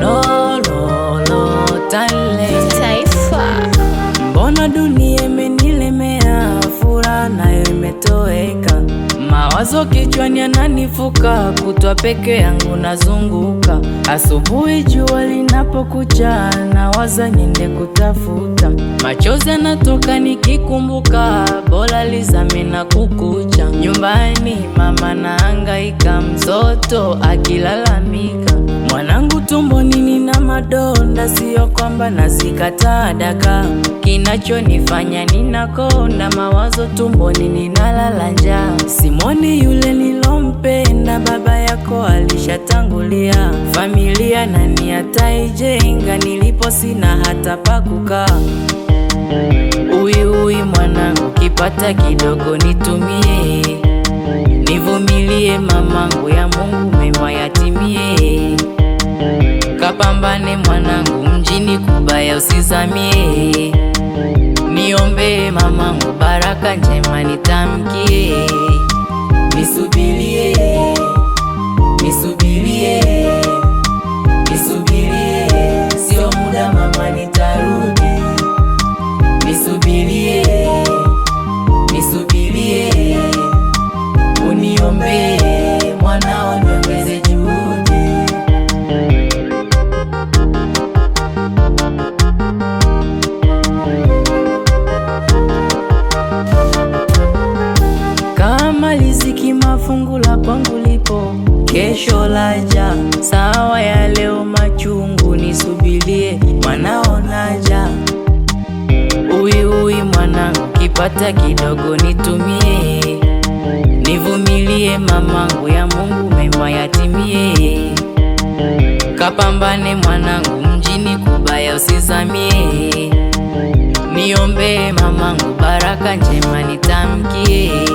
Lololo taifa, mbona dunia imenilemea, furaha nayo imetoweka, mawazo kichwani yananifuka, kutwa peke yangu nazunguka, asubuhi jua linapokucha, nawaza nyende kutafuta, machozi yanatoka nikikumbuka, bora lizame na kukucha nyumbani, mama na angaika, mtoto akilalamika, mwanangu tumbo nini na madonda. Siyo kwamba nazikataa daka, kinachonifanya ninakonda mawazo tumboni, ninalala njaa. Simoni yule nilompenda, baba yako alishatangulia. Familia nani ataijenga, nilipo sina hata pa kukaa. Uiui mwanangu, kipata kidogo nitumie mangu ya Mungu mema yatimie. Kapambane mwanangu mjini, kubaya usizamie. Niombe mamangu, baraka njema nitamkie. riziki mafungu la kwangu lipo, kesho laja sawa ya leo machungu, nisubilie mwanao naja. mwanangu, kipata kidogo nitumie, nivumilie mamangu, ya Mungu mema yatimie. Kapambane mwanangu, mjini kubaya usizamie, niombee mamangu, baraka njema nitamkie.